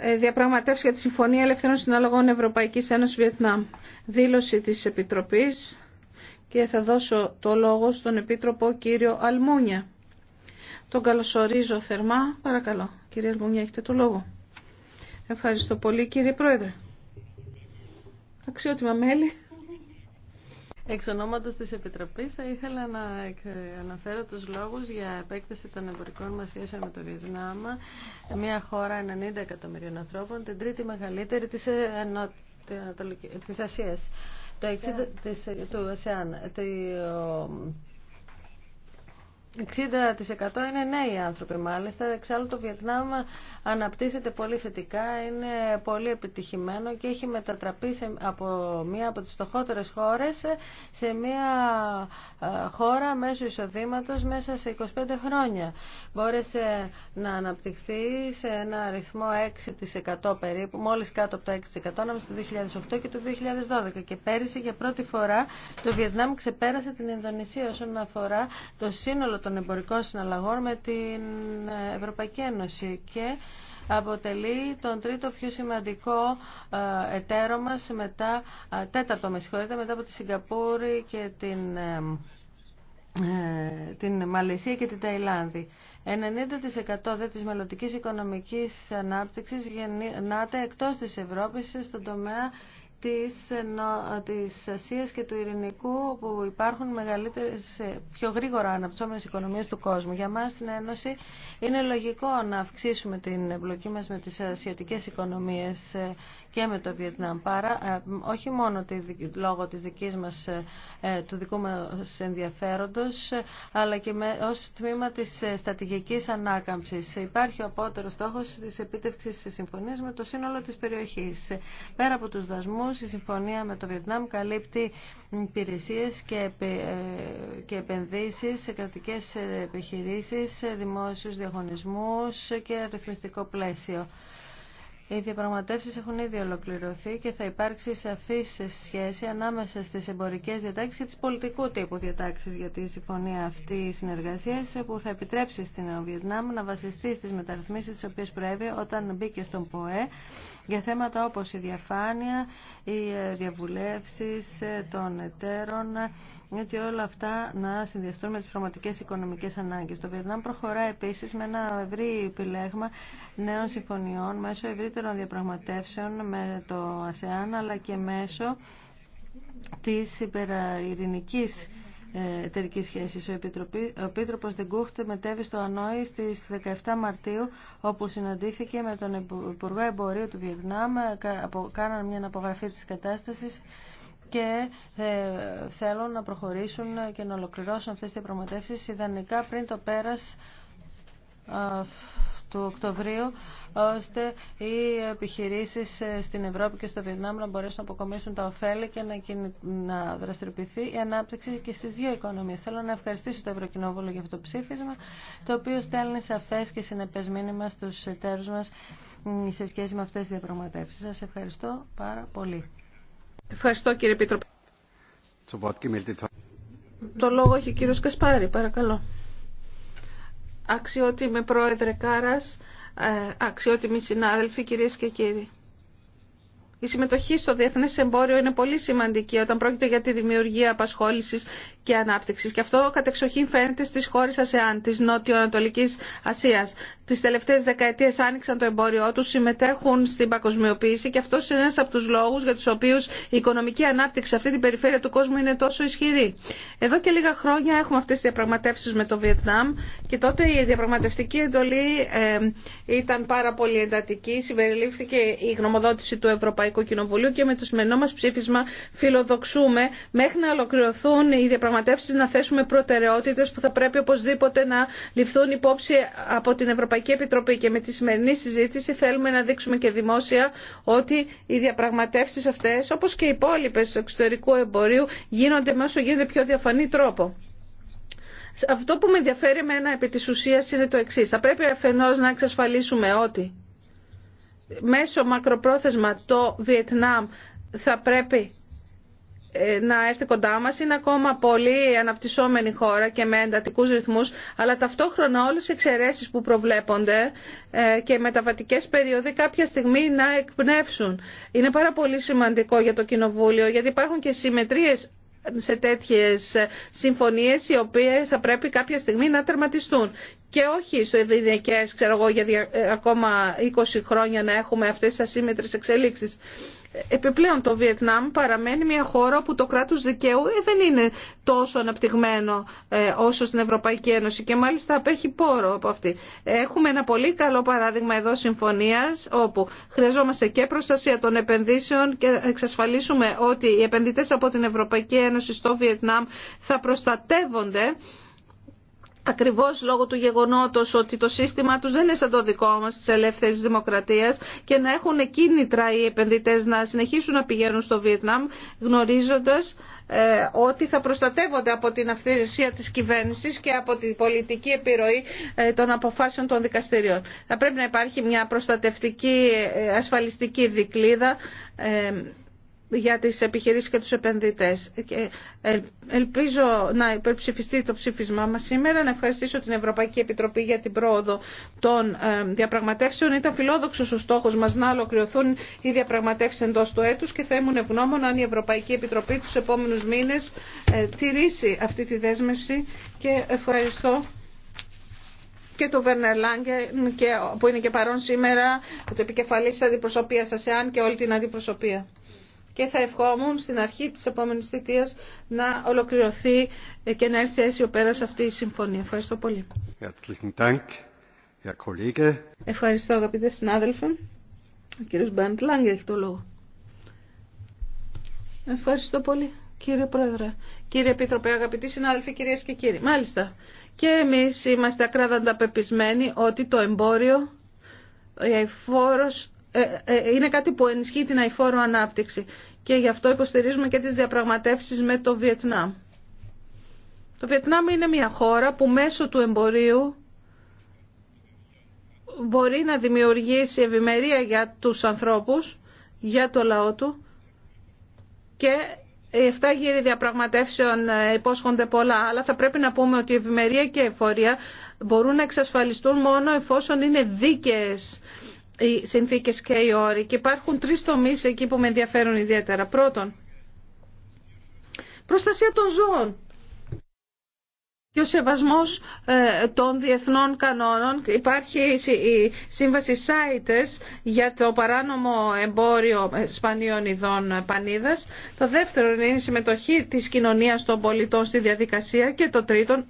Ε, διαπραγματεύσει για τη Συμφωνία Ελευθερών Συναλλαγών Ευρωπαϊκής Ένωσης Βιετνάμ. Δήλωση της Επιτροπής και θα δώσω το λόγο στον Επίτροπο κύριο Αλμούνια. Τον καλωσορίζω θερμά. Παρακαλώ. Κύριε Αλμούνια, έχετε το λόγο. Ευχαριστώ πολύ κύριε Πρόεδρε. Αξιότιμα μέλη. Εξ ονόματος της Επιτροπής θα ήθελα να αναφέρω τους λόγους για επέκταση των εμπορικών μας σχέσεων με το Βιετνάμ, μια χώρα 90 εκατομμυρίων ανθρώπων, την τρίτη μεγαλύτερη της, Ενω... Ασίας, το 60 του ΑΣΕΑΝ. 60% είναι νέοι άνθρωποι μάλιστα. Εξάλλου το Βιετνάμ αναπτύσσεται πολύ θετικά, είναι πολύ επιτυχημένο και έχει μετατραπεί από μία από τις φτωχότερες χώρες σε μία χώρα μέσω εισοδήματος μέσα σε 25 χρόνια. Μπόρεσε να αναπτυχθεί σε ένα αριθμό 6% περίπου, μόλις κάτω από τα 6% ανάμεσα το 2008 και το 2012. Και πέρυσι για πρώτη φορά το Βιετνάμ ξεπέρασε την Ινδονησία όσον αφορά το σύνολο των εμπορικών συναλλαγών με την Ευρωπαϊκή Ένωση και αποτελεί τον τρίτο πιο σημαντικό ε, εταίρο μας μετά, ε, τέταρτο με συγχωρείτε, μετά από τη Σιγκαπούρη και την ε, την Μαλαισία και την Ταϊλάνδη. 90% δε της μελλοντικής οικονομικής ανάπτυξης γεννάται εκτός της Ευρώπης στον τομέα της, νο, της Ασίας και του Ειρηνικού που υπάρχουν μεγαλύτερες, ε, πιο γρήγορα αναπτυσσόμενες οικονομίες του κόσμου. Για μας στην Ένωση είναι λογικό να αυξήσουμε την εμπλοκή μας με τις ασιατικές οικονομίες ε, και με το Βιετνάμ. Παρά, ε, όχι μόνο τη, λόγω της δικής μας, του δικού μας ενδιαφέροντος, αλλά και με, ως τμήμα της στατηγικής ανάκαμψης. Υπάρχει ο απότερος στόχος της επίτευξης συμφωνίας με το σύνολο της περιοχής. Πέρα από τους δασμούς, η συμφωνία με το Βιετνάμ καλύπτει υπηρεσίε και, ε, και επενδύσει σε κρατικέ επιχειρήσει, δημόσιου διαγωνισμού και ρυθμιστικό πλαίσιο. Οι διαπραγματεύσεις έχουν ήδη ολοκληρωθεί και θα υπάρξει σαφή σχέση ανάμεσα στις εμπορικές διατάξεις και τις πολιτικού τύπου διατάξεις για τη συμφωνία αυτή συνεργασίας που θα επιτρέψει στην Βιετνάμ να βασιστεί στις μεταρρυθμίσεις τις οποίες προέβη όταν μπήκε στον ΠΟΕ για θέματα όπως η διαφάνεια, οι ε, διαβουλεύσεις ε, των εταίρων, έτσι όλα αυτά να συνδυαστούν με τις πραγματικές οικονομικές ανάγκες. Το Βιετνάμ προχωρά επίσης με ένα ευρύ επιλέγμα νέων συμφωνιών μέσω ευρύτερων διαπραγματεύσεων με το ΑΣΕΑΝ αλλά και μέσω της υπερειρηνικής ε, εταιρική σχέση. Ο, Επιτροπή, ο Επίτροπος Δεγκούχτ μετέβη στο Ανόη στις 17 Μαρτίου, όπου συναντήθηκε με τον Υπουργό Εμπορίου του Βιετνάμ, κάναν μια απογραφή της κατάστασης και ε, θέλουν να προχωρήσουν και να ολοκληρώσουν αυτές τις διαπραγματεύσεις ιδανικά πριν το πέρας του Οκτωβρίου ώστε οι επιχειρήσει ε, στην Ευρώπη και στο Βιετνάμ να μπορέσουν να αποκομίσουν τα ωφέλη και να δραστηριοποιηθεί η ανάπτυξη και στις δύο οικονομίες. Θέλω να ευχαριστήσω το Ευρωκοινόβουλο για αυτό το ψήφισμα, το οποίο στέλνει σαφέ και συνεπέ μήνυμα στου εταίρους μας σε σχέση με αυτέ τι διαπραγματεύσει. Σα ευχαριστώ πάρα πολύ. Ευχαριστώ κύριε Πίτρο. Το λόγο έχει ο κύριος Κασπάρη, παρακαλώ. Αξιότιμη Πρόεδρε Κάρας, ε, αξιότιμοι συνάδελφοι, κυρίες και κύριοι. Η συμμετοχή στο διεθνέ εμπόριο είναι πολύ σημαντική όταν πρόκειται για τη δημιουργία απασχόληση και ανάπτυξη. Και αυτό κατεξοχήν φαίνεται στι χώρε ΑΣΕΑΝ, τη νοτιο Ανατολική Ασία. Τι τελευταίε δεκαετίες άνοιξαν το εμπόριό του, συμμετέχουν στην παγκοσμιοποίηση και αυτό είναι ένα από του λόγου για του οποίου η οικονομική ανάπτυξη σε αυτή την περιφέρεια του κόσμου είναι τόσο ισχυρή. Εδώ και λίγα χρόνια έχουμε αυτέ τι διαπραγματεύσει με το Βιετνάμ και τότε η διαπραγματευτική εντολή ε, ήταν πάρα πολύ εντατική, συμπεριλήφθηκε η γνωμοδότηση του Ευρωπαϊκού και με το σημερινό μα ψήφισμα φιλοδοξούμε μέχρι να ολοκληρωθούν οι διαπραγματεύσει να θέσουμε προτεραιότητε που θα πρέπει οπωσδήποτε να ληφθούν υπόψη από την Ευρωπαϊκή Επιτροπή και με τη σημερινή συζήτηση θέλουμε να δείξουμε και δημόσια ότι οι διαπραγματεύσει αυτέ, όπω και οι υπόλοιπε εξωτερικού εμπορίου γίνονται με όσο γίνεται πιο διαφανή τρόπο. Αυτό που με ενδιαφέρει εμένα επί της ουσίας είναι το εξής. Θα πρέπει αφενός να εξασφαλίσουμε ότι μέσω μακροπρόθεσμα το Βιετνάμ θα πρέπει ε, να έρθει κοντά μας είναι ακόμα πολύ αναπτυσσόμενη χώρα και με εντατικούς ρυθμούς αλλά ταυτόχρονα όλες οι εξαιρέσεις που προβλέπονται ε, και μεταβατικές περίοδοι κάποια στιγμή να εκπνεύσουν. Είναι πάρα πολύ σημαντικό για το Κοινοβούλιο γιατί υπάρχουν και συμμετρίες σε τέτοιες συμφωνίες οι οποίες θα πρέπει κάποια στιγμή να τερματιστούν και όχι στο ειδικέ, ξέρω εγώ, για ακόμα 20 χρόνια να έχουμε αυτές τις ασύμμετρες εξελίξεις. Επιπλέον το Βιετνάμ παραμένει μια χώρα που το κράτος δικαίου ε, δεν είναι τόσο αναπτυγμένο ε, όσο στην Ευρωπαϊκή Ένωση και μάλιστα απέχει πόρο από αυτή. Έχουμε ένα πολύ καλό παράδειγμα εδώ συμφωνίας όπου χρειαζόμαστε και προστασία των επενδύσεων και εξασφαλίσουμε ότι οι επενδυτές από την Ευρωπαϊκή Ένωση στο Βιετνάμ θα προστατεύονται ακριβώς λόγω του γεγονότος ότι το σύστημα τους δεν είναι σαν το δικό μας της ελεύθερης δημοκρατίας και να έχουν κίνητρα οι επενδυτές να συνεχίσουν να πηγαίνουν στο Βιετνάμ γνωρίζοντας ε, ότι θα προστατεύονται από την αυθαιρεσία της κυβέρνησης και από την πολιτική επιρροή ε, των αποφάσεων των δικαστηριών. Θα πρέπει να υπάρχει μια προστατευτική ε, ασφαλιστική δικλίδα για τις επιχειρήσεις και τους επενδυτές. Ε, ελπίζω να υπερψηφιστεί το ψήφισμά μας σήμερα. Να ευχαριστήσω την Ευρωπαϊκή Επιτροπή για την πρόοδο των ε, διαπραγματεύσεων. Ήταν φιλόδοξος ο στόχος μας να ολοκληρωθούν οι διαπραγματεύσεις εντός του έτους και θα ήμουν ευγνώμων αν η Ευρωπαϊκή Επιτροπή τους επόμενους μήνες ε, τηρήσει αυτή τη δέσμευση και ευχαριστώ και το Βέρνερ Λάγκε που είναι και παρόν σήμερα, το επικεφαλής της αντιπροσωπείας ΑΣΕΑΝ και όλη την αντιπροσωπεία και θα ευχόμουν στην αρχή της επόμενης θητείας να ολοκληρωθεί και να έρθει αίσιο πέρα αυτή η συμφωνία. Ευχαριστώ πολύ. Ευχαριστώ αγαπητέ συνάδελφοι. Ο κύριος Μπέντ Λάγκ έχει το λόγο. Ευχαριστώ πολύ. Κύριε Πρόεδρε, κύριε Επίτροπε, αγαπητοί συνάδελφοι, κυρίες και κύριοι. Μάλιστα, και εμείς είμαστε ακράδαντα πεπισμένοι ότι το εμπόριο, ε, η φόρος ε, ε, είναι κάτι που ενισχύει την αηφόρο ανάπτυξη και γι' αυτό υποστηρίζουμε και τις διαπραγματεύσεις με το Βιετνάμ. Το Βιετνάμ είναι μια χώρα που μέσω του εμπορίου μπορεί να δημιουργήσει ευημερία για τους ανθρώπους, για το λαό του και οι 7 γύροι διαπραγματεύσεων ε, υπόσχονται πολλά, αλλά θα πρέπει να πούμε ότι η ευημερία και η εφορία μπορούν να εξασφαλιστούν μόνο εφόσον είναι δίκαιες οι συνθήκες και οι όροι. Και υπάρχουν τρεις τομείς εκεί που με ενδιαφέρουν ιδιαίτερα. Πρώτον, προστασία των ζώων και ο σεβασμός ε, των διεθνών κανόνων. Υπάρχει η σύμβαση ΣΑΙΤΕΣ για το παράνομο εμπόριο ε, σπανίων ειδών πανίδας. Το δεύτερο είναι η συμμετοχή της κοινωνίας των πολιτών στη διαδικασία και το τρίτον,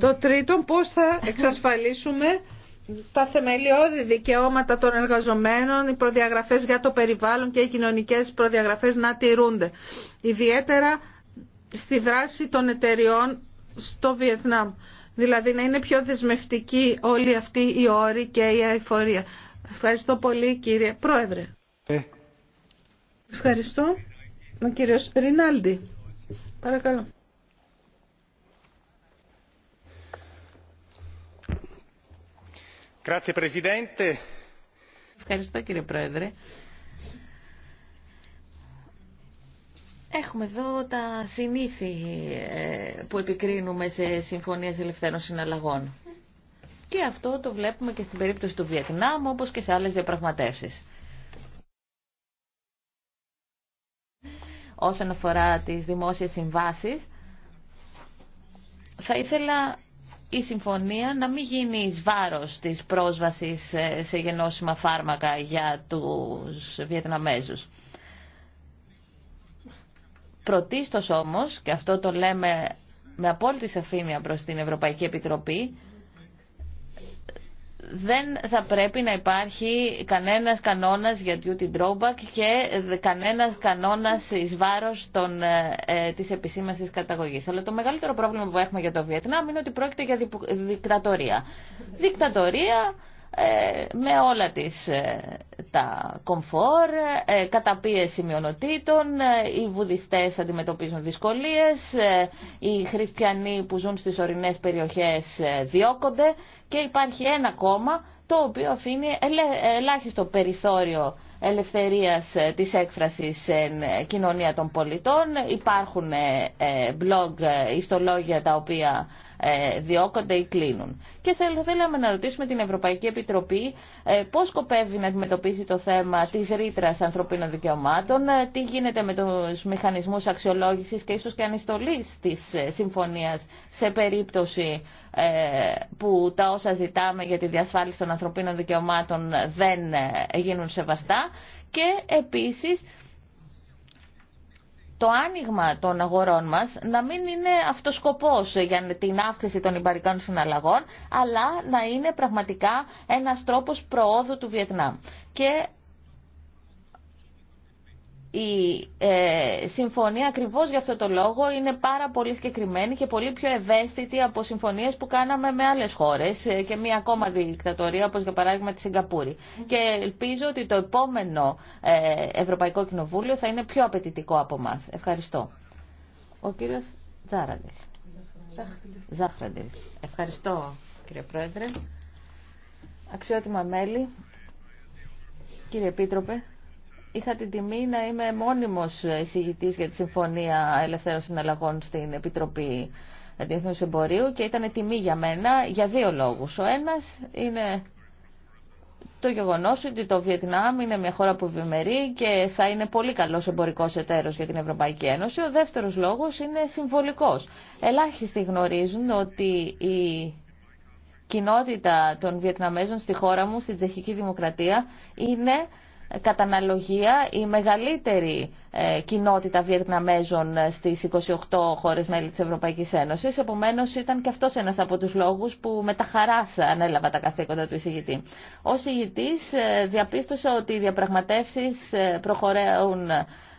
το τρίτο πώς θα εξασφαλίσουμε τα θεμελιώδη δικαιώματα των εργαζομένων, οι προδιαγραφές για το περιβάλλον και οι κοινωνικές προδιαγραφές να τηρούνται. Ιδιαίτερα στη δράση των εταιριών στο Βιετνάμ. Δηλαδή να είναι πιο δεσμευτική όλοι αυτή η όρη και η αηφορία. Ευχαριστώ πολύ κύριε Πρόεδρε. Ε. Ευχαριστώ. Ο κύριος Ρινάλντι. Παρακαλώ. Ευχαριστώ κύριε Πρόεδρε. Έχουμε εδώ τα συνήθη ε, που επικρίνουμε σε συμφωνίες ελευθέρων συναλλαγών. Και αυτό το βλέπουμε και στην περίπτωση του Βιετνάμ όπως και σε άλλες διαπραγματεύσεις. Όσον αφορά τις δημόσιες συμβάσεις, θα ήθελα η συμφωνία να μην γίνει εις βάρος της πρόσβασης ε, σε γενώσιμα φάρμακα για τους Βιετναμέζους. Πρωτίστως όμως, και αυτό το λέμε με απόλυτη σαφήνεια προς την Ευρωπαϊκή Επιτροπή, δεν θα πρέπει να υπάρχει κανένας κανόνας για duty drawback και κανένας κανόνας εις βάρος των, ε, ε της καταγωγής. Αλλά το μεγαλύτερο πρόβλημα που έχουμε για το Βιετνάμ είναι ότι πρόκειται για δικτατορία. Δικτατορία ε, με όλα τις ε, τα κομφόρ, ε, καταπίεση μειονοτήτων, ε, οι βουδιστές αντιμετωπίζουν δυσκολίες, ε, οι χριστιανοί που ζουν στις ορεινές περιοχές διώκονται και υπάρχει ένα κόμμα το οποίο αφήνει ελάχιστο περιθώριο ελευθερίας της έκφρασης στην κοινωνία των πολιτών. Υπάρχουν blog ιστολόγια τα οποία ε, διώκονται ή κλείνουν. Και θα θέλαμε να ρωτήσουμε την Ευρωπαϊκή Επιτροπή ε, πώς σκοπεύει να αντιμετωπίσει το θέμα της ρήτρα ανθρωπίνων δικαιωμάτων, ε, τι γίνεται με τους μηχανισμούς αξιολόγησης και ίσως και ανιστολής της συμφωνίας σε περίπτωση που τα όσα ζητάμε για τη διασφάλιση των ανθρωπίνων δικαιωμάτων δεν γίνουν σεβαστά και επίσης το άνοιγμα των αγορών μας να μην είναι αυτός σκοπός για την αύξηση των υπαρικών συναλλαγών, αλλά να είναι πραγματικά ένας τρόπος προόδου του Βιετνάμ. Και η ε, συμφωνία ακριβώς για αυτό το λόγο είναι πάρα πολύ συγκεκριμένη και πολύ πιο ευαίσθητη από συμφωνίες που κάναμε με άλλες χώρες ε, και μία ακόμα δικτατορία όπως για παράδειγμα τη Σιγκαπούρη. Και ελπίζω ότι το επόμενο ε, Ευρωπαϊκό Κοινοβούλιο θα είναι πιο απαιτητικό από εμά. Ευχαριστώ. Ο κύριος Τζάραντελ. Ζάχραντελ. Ευχαριστώ κύριε Πρόεδρε. Αξιότιμα μέλη. Κύριε Επίτροπε. Είχα την τιμή να είμαι μόνιμος εισηγητής για τη Συμφωνία Ελευθέρων Συναλλαγών στην Επιτροπή Διεθνού Εμπορίου και ήταν τιμή για μένα για δύο λόγους. Ο ένας είναι το γεγονός ότι το Βιετνάμ είναι μια χώρα που ευημερεί και θα είναι πολύ καλός εμπορικός εταίρος για την Ευρωπαϊκή Ένωση. Ο δεύτερος λόγος είναι συμβολικός. Ελάχιστοι γνωρίζουν ότι η κοινότητα των Βιετναμέζων στη χώρα μου, στην Τσεχική Δημοκρατία, είναι κατά αναλογία η μεγαλύτερη ε, κοινότητα Βιετναμέζων στις 28 χώρες μέλη της Ευρωπαϊκής Ένωσης. Επομένως ήταν και αυτός ένας από τους λόγους που με τα χαράς ανέλαβα τα καθήκοντα του εισηγητή. Ο εισηγητής ε, διαπίστωσε ότι οι διαπραγματεύσεις ε, προχωρέουν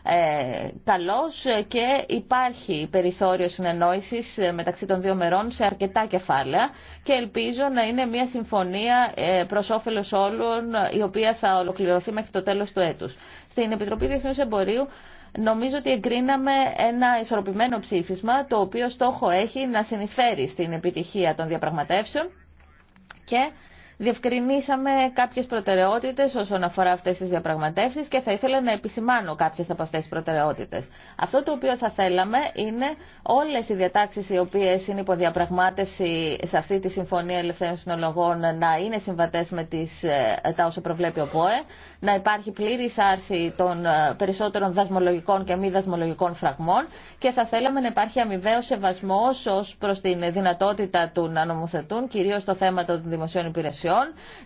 ε, και υπάρχει περιθώριο συνεννόησης ε, μεταξύ των δύο μερών σε αρκετά κεφάλαια και ελπίζω να είναι μια συμφωνία ε, προς όφελος όλων η οποία θα ολοκληρωθεί μέχρι το τέλος του έτους. Στην Επιτροπή Διεθνούς Εμπορίου Νομίζω ότι εγκρίναμε ένα ισορροπημένο ψήφισμα το οποίο στόχο έχει να συνεισφέρει στην επιτυχία των διαπραγματεύσεων και Διευκρινίσαμε κάποιες προτεραιότητες όσον αφορά αυτές τις διαπραγματεύσεις και θα ήθελα να επισημάνω κάποιες από αυτές τις προτεραιότητες. Αυτό το οποίο θα θέλαμε είναι όλες οι διατάξεις οι οποίες είναι διαπραγμάτευση... σε αυτή τη Συμφωνία Ελευθέρων Συνολογών να είναι συμβατές με τις, ε, τα όσα προβλέπει ο ΠΟΕ, να υπάρχει πλήρη άρση των ε, περισσότερων δασμολογικών και μη δασμολογικών φραγμών και θα θέλαμε να υπάρχει αμοιβαίο σεβασμό ω προ την δυνατότητα του να νομοθετούν, κυρίω στο θέμα των δημοσίων υπηρεσιών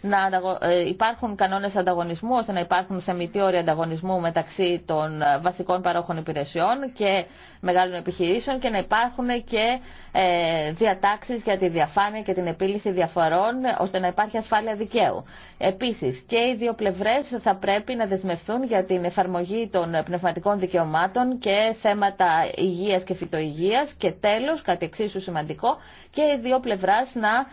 να ε, υπάρχουν κανόνες ανταγωνισμού ώστε να υπάρχουν θεμητοί όρια ανταγωνισμού μεταξύ των ε, βασικών παρόχων υπηρεσιών και μεγάλων επιχειρήσεων και να υπάρχουν και ε, διατάξεις για τη διαφάνεια και την επίλυση διαφορών ώστε να υπάρχει ασφάλεια δικαίου. Επίσης και οι δύο πλευρές θα πρέπει να δεσμευτούν για την εφαρμογή των πνευματικών δικαιωμάτων και θέματα υγεία και φυτοϊγείας και τέλος, κάτι εξίσου σημαντικό, και οι δύο πλευρά να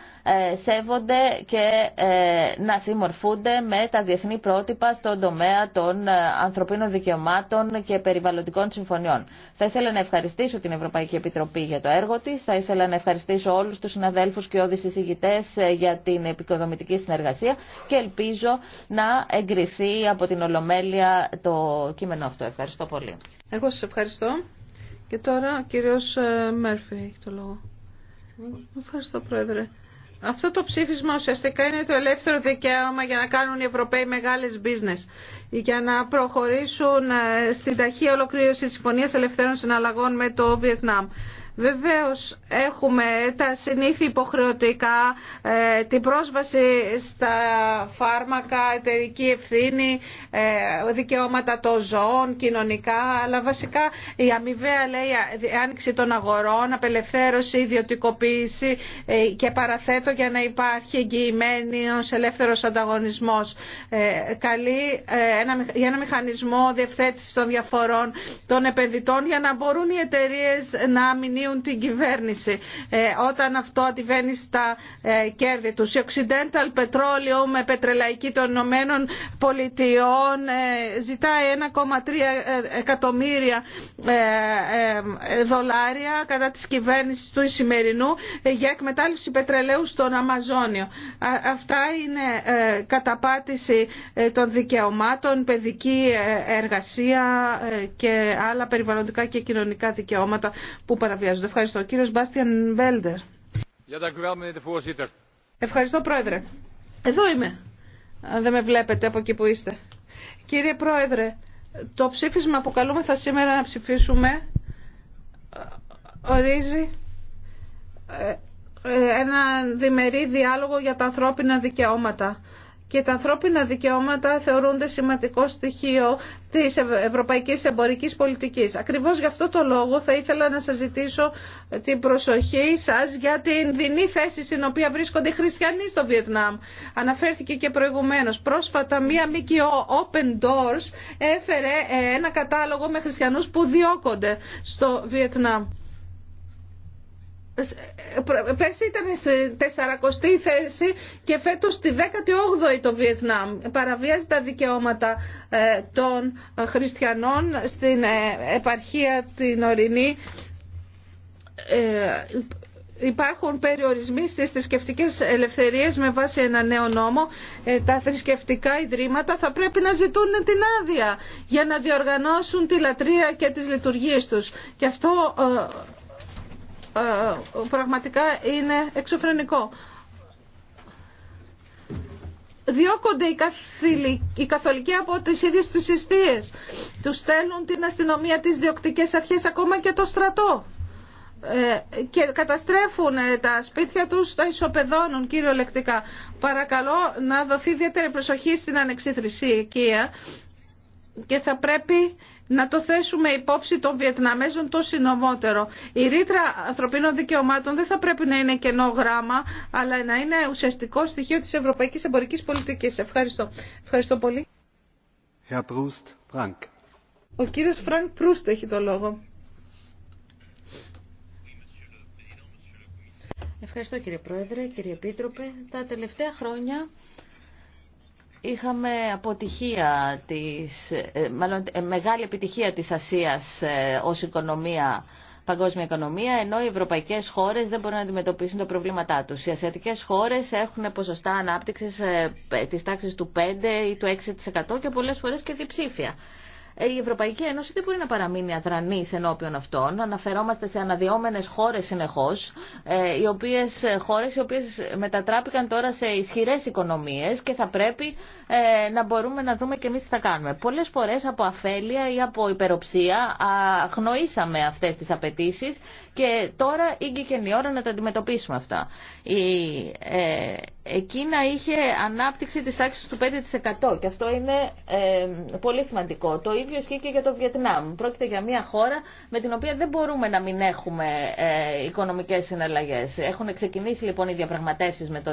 σέβονται και ε, να συμμορφούνται με τα διεθνή πρότυπα στον τομέα των ε, ανθρωπίνων δικαιωμάτων και περιβαλλοντικών συμφωνιών. Θα ήθελα να ευχαριστήσω την Ευρωπαϊκή Επιτροπή για το έργο της, θα ήθελα να ευχαριστήσω όλους τους συναδέλφους και συζητητέ ε, για την επικοδομητική συνεργασία και ελπίζω να εγκριθεί από την Ολομέλεια το κείμενο αυτό. Ευχαριστώ πολύ. Εγώ σα ευχαριστώ. Και τώρα ο κύριος ε, Μέρφυ έχει το λόγο. Ευχαριστώ Πρόεδρε. Αυτό το ψήφισμα ουσιαστικά είναι το ελεύθερο δικαίωμα για να κάνουν οι Ευρωπαίοι μεγάλες business για να προχωρήσουν ε, στην ταχεία ολοκλήρωση της Συμφωνίας Ελευθέρων Συναλλαγών με το Βιετνάμ. Βεβαίως έχουμε τα συνήθη υποχρεωτικά, ε, την πρόσβαση στα φάρμακα, εταιρική ευθύνη, ε, δικαιώματα των ζώων, κοινωνικά, αλλά βασικά η αμοιβαία λέει άνοιξη των αγορών, απελευθέρωση, ιδιωτικοποίηση ε, και παραθέτω για να υπάρχει εγγυημένος ελεύθερος ανταγωνισμός. Καλή για ένα μηχανισμό διευθέτησης των διαφορών των επενδυτών για να μπορούν οι εταιρείε να την κυβέρνηση ε, όταν αυτό αντιβαίνει στα ε, κέρδη του. Η Occidental Petroleum με πετρελαϊκή των Ηνωμένων Πολιτειών ε, ζητάει 1,3 εκατομμύρια δολάρια κατά τη κυβέρνηση του Ισημερινού για εκμετάλλευση πετρελαίου στον Αμαζόνιο. Αυτά είναι καταπάτηση των δικαιωμάτων, παιδική εργασία και άλλα περιβαλλοντικά και κοινωνικά δικαιώματα που παραβιάζουν. Ευχαριστώ. Κύριος Μπάστιαν Μπέλντερ. Ευχαριστώ Πρόεδρε. Εδώ είμαι. Αν δεν με βλέπετε από εκεί που είστε. Κύριε Πρόεδρε, το ψήφισμα που καλούμε θα σήμερα να ψηφίσουμε ε, ορίζει ε, ε, ένα διμερή διάλογο για τα ανθρώπινα δικαιώματα και τα ανθρώπινα δικαιώματα θεωρούνται σημαντικό στοιχείο της ευρωπαϊκής εμπορικής πολιτικής. Ακριβώς γι' αυτό το λόγο θα ήθελα να σας ζητήσω την προσοχή σας για την δινή θέση στην οποία βρίσκονται οι χριστιανοί στο Βιετνάμ. Αναφέρθηκε και προηγουμένως. Πρόσφατα μία ΜΚΟ Open Doors έφερε ένα κατάλογο με χριστιανούς που διώκονται στο Βιετνάμ. Πέρσι ήταν στη 40η θέση και φέτος στη 18η το Βιετνάμ. Παραβιάζει τα δικαιώματα ε, των χριστιανών στην ε, επαρχία την ορεινή. Ε, υπάρχουν περιορισμοί στις θρησκευτικέ ελευθερίες με βάση ένα νέο νόμο. Τα θρησκευτικά ιδρύματα θα πρέπει να ζητούν την άδεια για να διοργανώσουν τη λατρεία και τις λειτουργίες τους. Και αυτό ε, πραγματικά είναι εξωφρενικό. Διώκονται οι, οι καθολικοί από τις ίδιες τους συστίες. Τους στέλνουν την αστυνομία, τις διοκτικές αρχές, ακόμα και το στρατό. Ε, και καταστρέφουν ε, τα σπίτια τους, τα ισοπεδώνουν κυριολεκτικά. Παρακαλώ να δοθεί ιδιαίτερη προσοχή στην ανεξιθρησία και θα πρέπει να το θέσουμε υπόψη των Βιετναμέζων το συνομότερο. Η ρήτρα ανθρωπίνων δικαιωμάτων δεν θα πρέπει να είναι κενό γράμμα, αλλά να είναι ουσιαστικό στοιχείο της ευρωπαϊκής εμπορικής πολιτικής. Ευχαριστώ. Ευχαριστώ πολύ. Herr Ο κύριος Φρανκ Προύστ έχει το λόγο. Ευχαριστώ κύριε Πρόεδρε, κύριε Επίτροπε. Τα τελευταία χρόνια Είχαμε αποτυχία της, ε, ε, μεγάλη επιτυχία της Ασίας ε, ως οικονομία παγκόσμια οικονομία, ενώ οι ευρωπαϊκές χώρες δεν μπορούν να αντιμετωπίσουν τα προβλήματά τους. Οι ασιατικές χώρες έχουν ποσοστά ανάπτυξης της τάξης του 5 ή του 6% και πολλές φορές και διψήφια η Ευρωπαϊκή Ένωση δεν μπορεί να παραμείνει αδρανή ενώπιον αυτών. Αναφερόμαστε σε αναδυόμενε χώρες συνεχώς, ε, οι οποίες, ε, χώρες οι οποίες μετατράπηκαν τώρα σε ισχυρές οικονομίες και θα πρέπει ε, να μπορούμε να δούμε και εμεί τι θα κάνουμε. Πολλές φορές από αφέλεια ή από υπεροψία αγνοήσαμε αυτές τις απαιτήσει και τώρα ήγηκε η απο υπεροψια αγνοησαμε αυτέ τι απαιτησει και τωρα και η ωρα να τα αντιμετωπίσουμε αυτά. Η Εκείνα είχε ανάπτυξη της τάξης του 5% και αυτό είναι πολύ σημαντικό. Το ίδιο ισχύει και για το Βιετνάμ. Πρόκειται για μια χώρα με την οποία δεν μπορούμε να μην έχουμε ε, οικονομικές συναλλαγές. Έχουν ξεκινήσει λοιπόν οι διαπραγματεύσεις με το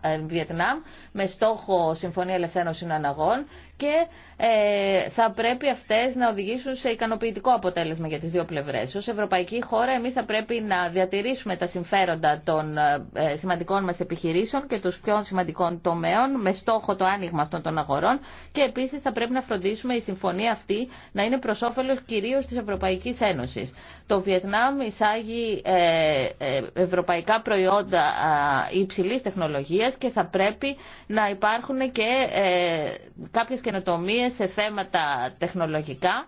ε, Βιετνάμ με στόχο Συμφωνία Ελευθέρωσης Αναγών και ε, θα πρέπει αυτές να οδηγήσουν σε ικανοποιητικό αποτέλεσμα για τις δύο πλευρές. Ω ευρωπαϊκή χώρα εμείς θα πρέπει να διατηρήσουμε τα συμφέροντα των ε, σημαντικών μας επιχειρήσεων και των πιο σημαντικών τομέων με στόχο το άνοιγμα αυτών των αγορών και επίσης θα πρέπει να φροντίσουμε η συμφωνία αυτή να είναι προς όφελος κυρίως της Ευρωπαϊκής Ένωσης. Το Βιετνάμ εισάγει ε, ευρωπαϊκά προϊόντα υψηλής τεχνολογίας και θα πρέπει να υπάρχουν και κάποιες σε θέματα τεχνολογικά.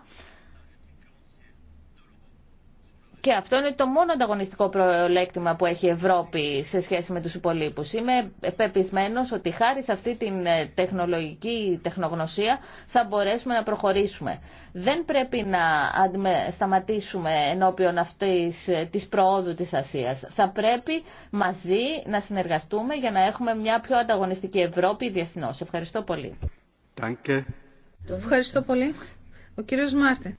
Και αυτό είναι το μόνο ανταγωνιστικό προλέκτημα που έχει η Ευρώπη σε σχέση με τους υπολείπους. Είμαι πεπισμένος ότι χάρη σε αυτή την ε, τεχνολογική τεχνογνωσία θα μπορέσουμε να προχωρήσουμε. Δεν πρέπει να σταματήσουμε ενώπιον αυτής ε, της προόδου της Ασίας. Θα πρέπει μαζί να συνεργαστούμε για να έχουμε μια πιο ανταγωνιστική Ευρώπη διεθνώς. Ευχαριστώ πολύ. Ευχαριστώ πολύ. Ο κύριος Μάρτιν.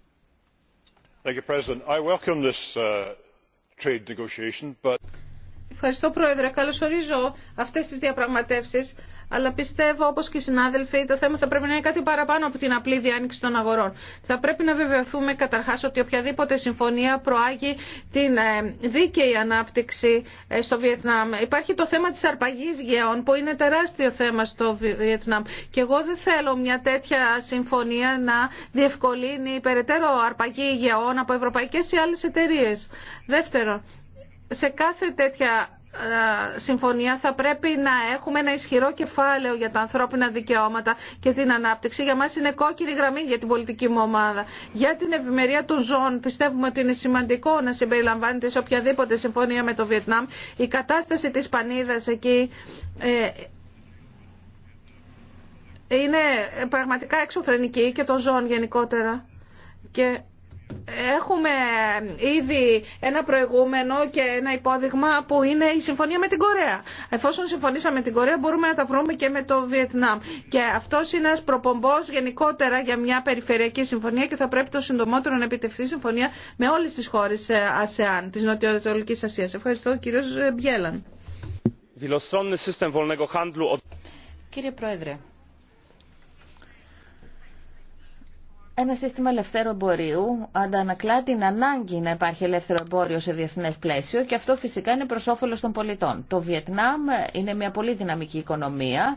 Ευχαριστώ, Πρόεδρε. Καλωσορίζω αυτές τις διαπραγματεύσεις αλλά πιστεύω όπως και οι συνάδελφοι το θέμα θα πρέπει να είναι κάτι παραπάνω από την απλή διάνοιξη των αγορών. Θα πρέπει να βεβαιωθούμε καταρχάς ότι οποιαδήποτε συμφωνία προάγει την ε, δίκαιη ανάπτυξη ε, στο Βιετνάμ. Υπάρχει το θέμα της αρπαγής γεών που είναι τεράστιο θέμα στο Βιετνάμ και εγώ δεν θέλω μια τέτοια συμφωνία να διευκολύνει περαιτέρω αρπαγή γεών από ευρωπαϊκές ή άλλες εταιρείες. Δεύτερον, σε κάθε τέτοια ε, συμφωνία θα πρέπει να έχουμε ένα ισχυρό κεφάλαιο για τα ανθρώπινα δικαιώματα και την ανάπτυξη. Για μας είναι κόκκινη γραμμή για την πολιτική μου ομάδα. Για την ευημερία των ζώων πιστεύουμε ότι είναι σημαντικό να συμπεριλαμβάνεται σε οποιαδήποτε συμφωνία με το Βιετνάμ. Η κατάσταση της πανίδας εκεί ε, είναι πραγματικά εξωφρενική και των ζώων γενικότερα. Και Έχουμε ήδη ένα προηγούμενο και ένα υπόδειγμα που είναι η συμφωνία με την Κορέα. Εφόσον συμφωνήσαμε με την Κορέα μπορούμε να τα βρούμε και με το Βιετνάμ. Και αυτό είναι ένα προπομπό γενικότερα για μια περιφερειακή συμφωνία και θα πρέπει το συντομότερο να επιτευχθεί συμφωνία με όλε τι χώρε ε, ΑΣΕΑΝ, τη Νοτιοανατολική Ασία. Ευχαριστώ, κύριο Μπιέλαν. Κύριε Πρόεδρε, Ένα σύστημα ελευθέρου εμπορίου αντανακλά την ανάγκη να υπάρχει ελεύθερο εμπόριο σε διεθνέ πλαίσιο και αυτό φυσικά είναι προ όφελο των πολιτών. Το Βιετνάμ είναι μια πολύ δυναμική οικονομία,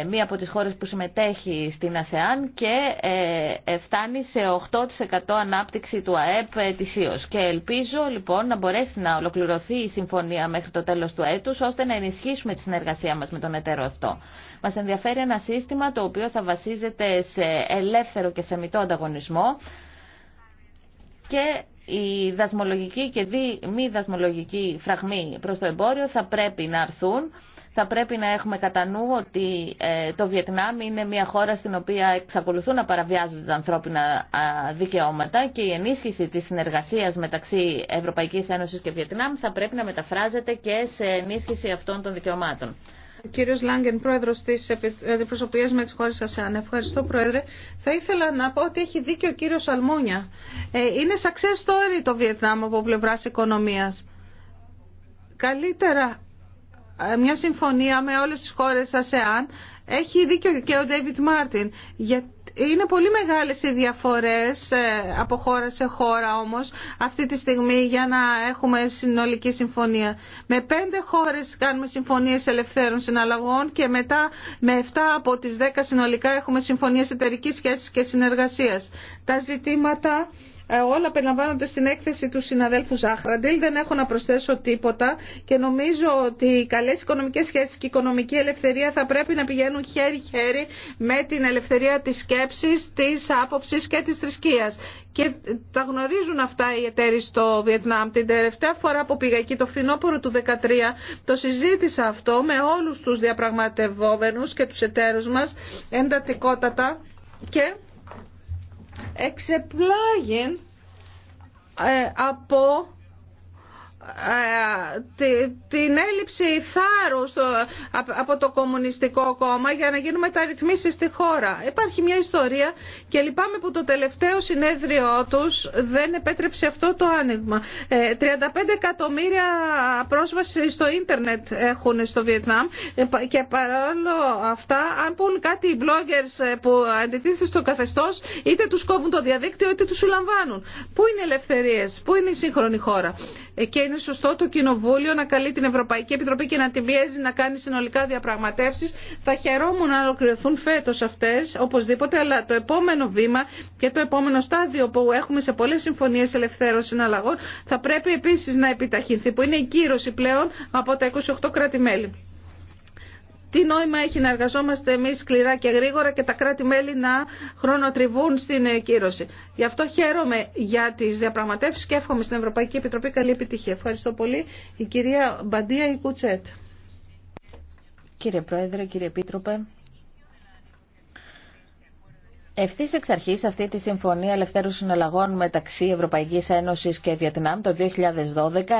ε, μία από τι χώρε που συμμετέχει στην ΑΣΕΑΝ και ε, ε, φτάνει σε 8% ανάπτυξη του ΑΕΠ ετησίω. Και ελπίζω λοιπόν να μπορέσει να ολοκληρωθεί η συμφωνία μέχρι το τέλο του έτου ώστε να ενισχύσουμε τη συνεργασία μα με τον εταίρο αυτό. Μα ενδιαφέρει ένα σύστημα το οποίο θα βασίζεται σε ελεύθερο και θεμητό ανταγωνισμό και η δασμολογική και δι, μη δασμολογική φραγμή προς το εμπόριο θα πρέπει να αρθούν. Θα πρέπει να έχουμε κατά νου ότι ε, το Βιετνάμ είναι μια χώρα στην οποία εξακολουθούν να παραβιάζονται τα ανθρώπινα δικαιώματα και η ενίσχυση της συνεργασίας μεταξύ Ευρωπαϊκής Ένωσης και Βιετνάμ θα πρέπει να μεταφράζεται και σε ενίσχυση αυτών των δικαιωμάτων. Κύριο κύριος Λάγκεν, πρόεδρος της αντιπροσωπεία με τις χώρες ΑΣΕΑΝ. Ευχαριστώ, πρόεδρε. Θα ήθελα να πω ότι έχει δίκιο ο κύριος Αλμούνια. Ε, είναι success story το Βιετνάμ από πλευρά οικονομία. Καλύτερα ε, μια συμφωνία με όλες τις χώρες ΑΣΕΑΝ έχει δίκιο και ο Ντέιβιτ Μάρτιν. Γιατί είναι πολύ μεγάλες οι διαφορές ε, από χώρα σε χώρα όμως αυτή τη στιγμή για να έχουμε συνολική συμφωνία. Με πέντε χώρες κάνουμε συμφωνίες ελευθέρων συναλλαγών και μετά με 7 από τις δέκα συνολικά έχουμε συμφωνίες εταιρικής σχέσης και συνεργασίας. Τα ζητήματα ε, όλα περιλαμβάνονται στην έκθεση του συναδέλφου Ζάχραντιλ. Δεν έχω να προσθέσω τίποτα και νομίζω ότι οι καλέ οικονομικέ σχέσει και η οικονομική ελευθερία θα πρέπει να πηγαίνουν χέρι-χέρι με την ελευθερία τη σκέψη, τη άποψη και τη θρησκεία. Και τα γνωρίζουν αυτά οι εταίροι στο Βιετνάμ. Την τελευταία φορά που πήγα εκεί, το φθινόπωρο του 2013, το συζήτησα αυτό με όλου του διαπραγματευόμενου και του εταίρου μα εντατικότατα και εξεπλάγει ε, από ε, την έλλειψη θάρρου από το Κομμουνιστικό Κόμμα για να γίνουν μεταρρυθμίσεις στη χώρα. Υπάρχει μια ιστορία και λυπάμαι που το τελευταίο συνέδριο τους δεν επέτρεψε αυτό το άνοιγμα. 35 ε, εκατομμύρια πρόσβαση στο ίντερνετ έχουν στο Βιετνάμ ε, και παρόλο αυτά αν πούν κάτι οι bloggers που αντιτίθεται στο καθεστώς είτε τους κόβουν το διαδίκτυο είτε τους συλλαμβάνουν. Πού είναι οι ελευθερίες, πού είναι η σύγχρονη χώρα. Και είναι σωστό το Κοινοβούλιο να καλεί την Ευρωπαϊκή Επιτροπή και να την πιέζει να κάνει συνολικά διαπραγματεύσεις. Θα χαιρόμουν να ολοκληρωθούν φέτος αυτές, οπωσδήποτε, αλλά το επόμενο βήμα και το επόμενο στάδιο που έχουμε σε πολλές συμφωνίες ελευθέρων συναλλαγών θα πρέπει επίσης να επιταχυνθεί, που είναι η κύρωση πλέον από τα 28 κράτη-μέλη. Τι νόημα έχει να εργαζόμαστε εμεί σκληρά και γρήγορα και τα κράτη-μέλη να χρονοτριβούν στην κύρωση. Γι' αυτό χαίρομαι για τι διαπραγματεύσει και εύχομαι στην Ευρωπαϊκή Επιτροπή καλή επιτυχία. Ευχαριστώ πολύ. Η κυρία Μπαντία Ικουτσέτ. Κύριε Πρόεδρε, κύριε Επίτροπε, Ευθύ εξ αρχή αυτή τη συμφωνία ελευθέρου συναλλαγών μεταξύ Ευρωπαϊκή Ένωση και Βιετνάμ το 2012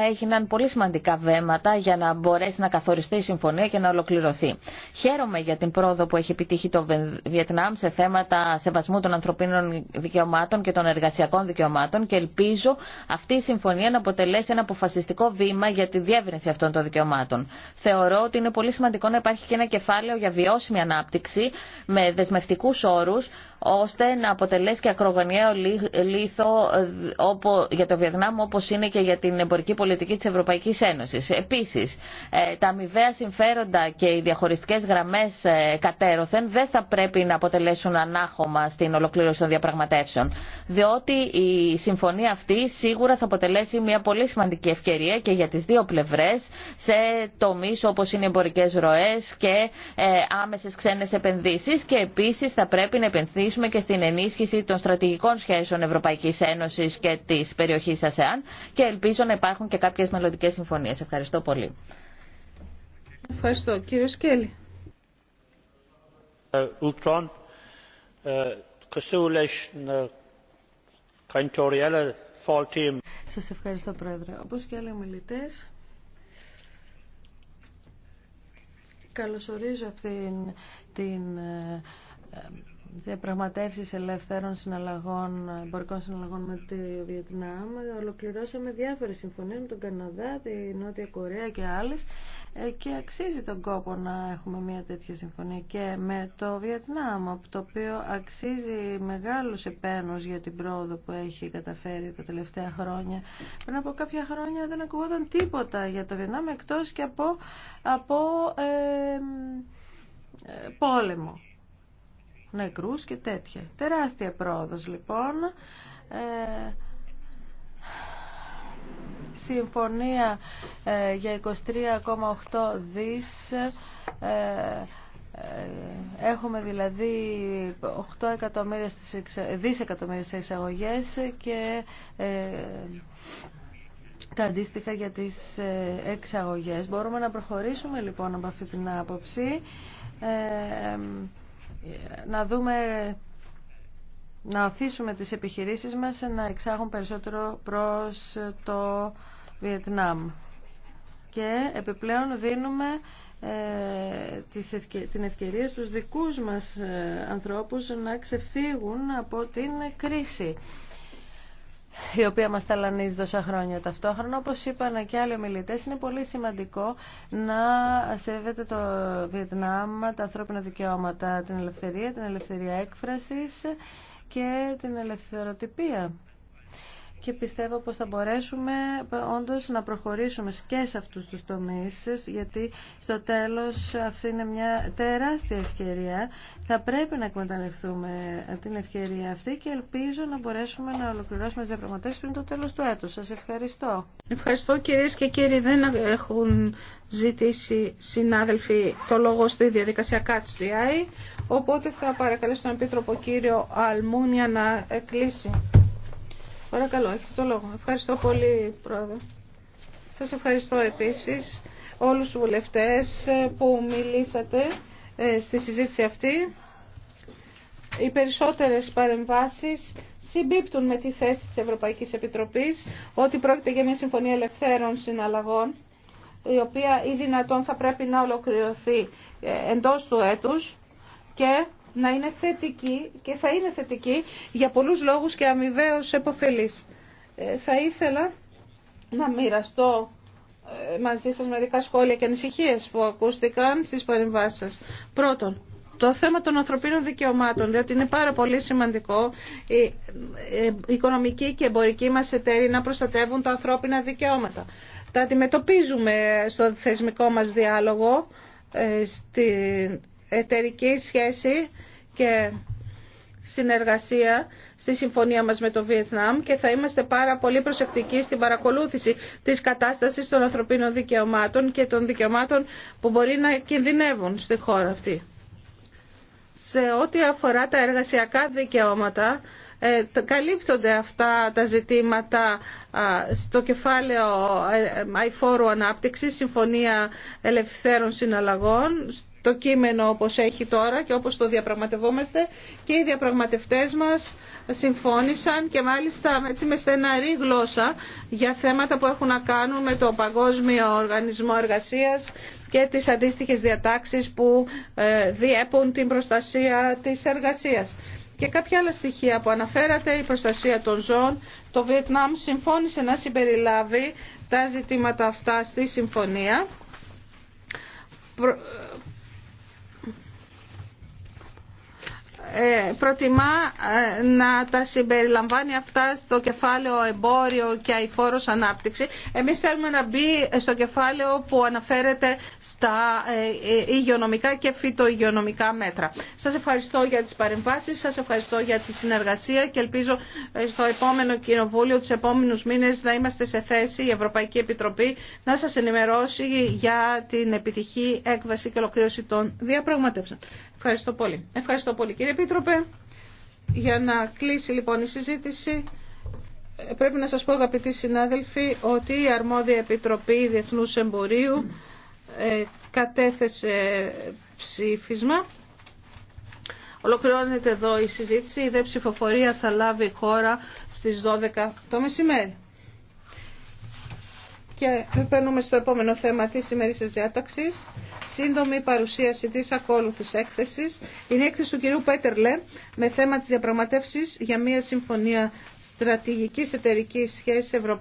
έγιναν πολύ σημαντικά βέματα για να μπορέσει να καθοριστεί η συμφωνία και να ολοκληρωθεί. Χαίρομαι για την πρόοδο που έχει επιτύχει το Βιετνάμ σε θέματα σεβασμού των ανθρωπίνων δικαιωμάτων και των εργασιακών δικαιωμάτων και ελπίζω αυτή η συμφωνία να αποτελέσει ένα αποφασιστικό βήμα για τη διεύρυνση αυτών των δικαιωμάτων. Θεωρώ ότι είναι πολύ σημαντικό να υπάρχει και ένα κεφάλαιο για βιώσιμη ανάπτυξη με δεσμευτικού όρου ώστε να αποτελέσει και ακρογωνιαίο λίθο ε, για το Βιετνάμ όπως είναι και για την εμπορική πολιτική της Ευρωπαϊκής Ένωσης. Επίσης, ε, τα αμοιβαία συμφέροντα και οι διαχωριστικές γραμμές ε, κατέρωθεν δεν θα πρέπει να αποτελέσουν ανάχωμα στην ολοκλήρωση των διαπραγματεύσεων, διότι η συμφωνία αυτή σίγουρα θα αποτελέσει μια πολύ σημαντική ευκαιρία και για τις δύο πλευρές σε τομείς όπως είναι οι εμπορικές ροές και άμεσες ξένες επενδύσεις και επίσης θα πρέπει να επενδύσει επενδύσουμε και στην ενίσχυση των στρατηγικών σχέσεων Ευρωπαϊκής Ένωσης και της περιοχής ΑΣΕΑΝ και ελπίζω να υπάρχουν και κάποιες μελλοντικές συμφωνίες. Ευχαριστώ πολύ. Ευχαριστώ. Κύριο Σκέλη. Ε, ε, ε, Σας ευχαριστώ, Πρόεδρε. Όπως και άλλοι μιλητές, καλωσορίζω αυτήν την διαπραγματεύσεις ελευθέρων συναλλαγών, εμπορικών συναλλαγών με το Βιετνάμ. Ολοκληρώσαμε διάφορες συμφωνίες με τον Καναδά, τη Νότια Κορέα και άλλες ε, και αξίζει τον κόπο να έχουμε μια τέτοια συμφωνία και με το Βιετνάμ, το οποίο αξίζει μεγάλους επένους για την πρόοδο που έχει καταφέρει τα τελευταία χρόνια. Πριν από κάποια χρόνια δεν ακουγόταν τίποτα για το Βιετνάμ εκτός και από, από ε, ε, πόλεμο νεκρούς και τέτοια. Τεράστια πρόοδος λοιπόν. Ε, συμφωνία ε, για 23,8 δις ε, ε, Έχουμε δηλαδή 8 εκατομμύρια στις εξα... δισεκατομμύρια στις και ε, τα αντίστοιχα για τις ε, εξαγωγές. Μπορούμε να προχωρήσουμε λοιπόν από αυτή την άποψη να δούμε να αφήσουμε τις επιχειρήσεις μας να εξάγουν περισσότερο προς το Βιετνάμ. Και επιπλέον δίνουμε ε, την ευκαιρία στους δικούς μας ε, ανθρώπους να ξεφύγουν από την κρίση η οποία μας ταλανίζει τόσα χρόνια ταυτόχρονα. Όπως είπαν και άλλοι ομιλητές, είναι πολύ σημαντικό να σέβεται το Βιετνάμ τα ανθρώπινα δικαιώματα, την ελευθερία, την ελευθερία έκφρασης και την ελευθεροτυπία και πιστεύω πως θα μπορέσουμε όντως να προχωρήσουμε και σε αυτούς τους τομείς γιατί στο τέλος αυτή είναι μια τεράστια ευκαιρία θα πρέπει να εκμεταλλευτούμε την ευκαιρία αυτή και ελπίζω να μπορέσουμε να ολοκληρώσουμε τις διαπραγματεύσεις πριν το τέλος του έτους. Σας ευχαριστώ. Ευχαριστώ κυρίες και κύριοι. Δεν έχουν ζητήσει συνάδελφοι το λόγο στη διαδικασία Catch οπότε θα παρακαλέσω τον Επίτροπο κύριο Αλμούνια να κλείσει. Παρακαλώ, έχετε το λόγο. Ευχαριστώ πολύ, Πρόεδρε. Σας ευχαριστώ επίσης όλους τους βουλευτές ε, που μιλήσατε ε, στη συζήτηση αυτή. Οι περισσότερες παρεμβάσεις συμπίπτουν με τη θέση της Ευρωπαϊκής Επιτροπής ότι πρόκειται για μια συμφωνία ελευθέρων συναλλαγών η οποία ή δυνατόν θα πρέπει να ολοκληρωθεί ε, εντός του έτους και να είναι θετική και θα είναι θετική για πολλούς λόγους και αμοιβαίως επωφελής. Ε, θα ήθελα να μοιραστώ ε, μαζί σας μερικά σχόλια και ανησυχίες που ακούστηκαν στις παρεμβάσεις σας. Πρώτον, το θέμα των ανθρωπίνων δικαιωμάτων, διότι είναι πάρα πολύ σημαντικό οι ε, οικονομικοί και εμπορικοί μας εταίροι να προστατεύουν τα ανθρώπινα δικαιώματα. Τα αντιμετωπίζουμε στο θεσμικό μας διάλογο, εταιρική σχέση και συνεργασία στη συμφωνία μας με το Βιετνάμ και θα είμαστε πάρα πολύ προσεκτικοί στην παρακολούθηση της κατάστασης των ανθρωπίνων δικαιωμάτων και των δικαιωμάτων που μπορεί να κινδυνεύουν στη χώρα αυτή. Σε ό,τι αφορά τα εργασιακά δικαιώματα, ε, καλύπτονται αυτά τα ζητήματα στο κεφάλαιο αϊφόρου ε, ε, ανάπτυξης, συμφωνία ελευθέρων συναλλαγών, το κείμενο όπως έχει τώρα και όπως το διαπραγματευόμαστε και οι διαπραγματευτές μας συμφώνησαν και μάλιστα έτσι με στεναρή γλώσσα για θέματα που έχουν να κάνουν με το Παγκόσμιο Οργανισμό Εργασίας και τις αντίστοιχες διατάξεις που ε, διέπουν την προστασία της εργασίας. Και κάποια άλλα στοιχεία που αναφέρατε, η προστασία των ζώων, το Βιετνάμ συμφώνησε να συμπεριλάβει τα ζητήματα αυτά στη συμφωνία Ε, προτιμά ε, να τα συμπεριλαμβάνει αυτά στο κεφάλαιο εμπόριο και αηφόρος ανάπτυξη. Εμείς θέλουμε να μπει στο κεφάλαιο που αναφέρεται στα ε, υγειονομικά και φυτοϊγειονομικά μέτρα. Σας ευχαριστώ για τις παρεμβάσεις, σας ευχαριστώ για τη συνεργασία και ελπίζω στο επόμενο κοινοβούλιο, τους επόμενους μήνες να είμαστε σε θέση η Ευρωπαϊκή Επιτροπή να σας ενημερώσει για την επιτυχή έκβαση και ολοκλήρωση των διαπραγματεύσεων. Ευχαριστώ πολύ. Ευχαριστώ πολύ κύριε Επίτροπε. Για να κλείσει λοιπόν η συζήτηση, πρέπει να σας πω αγαπητοί συνάδελφοι ότι η αρμόδια Επιτροπή Διεθνούς Εμπορίου ε, κατέθεσε ψήφισμα. Ολοκληρώνεται εδώ η συζήτηση. Η δε ψηφοφορία θα λάβει χώρα στις 12 το μεσημέρι. Και περνούμε στο επόμενο θέμα της σημερινής διάταξης. Σύντομη παρουσίαση της ακόλουθης έκθεσης. Είναι η έκθεση του κυρίου Πέτερλε με θέμα της διαπραγματεύσεις για μια συμφωνία στρατηγικής εταιρικής σχέσης Ευρωπαϊκής.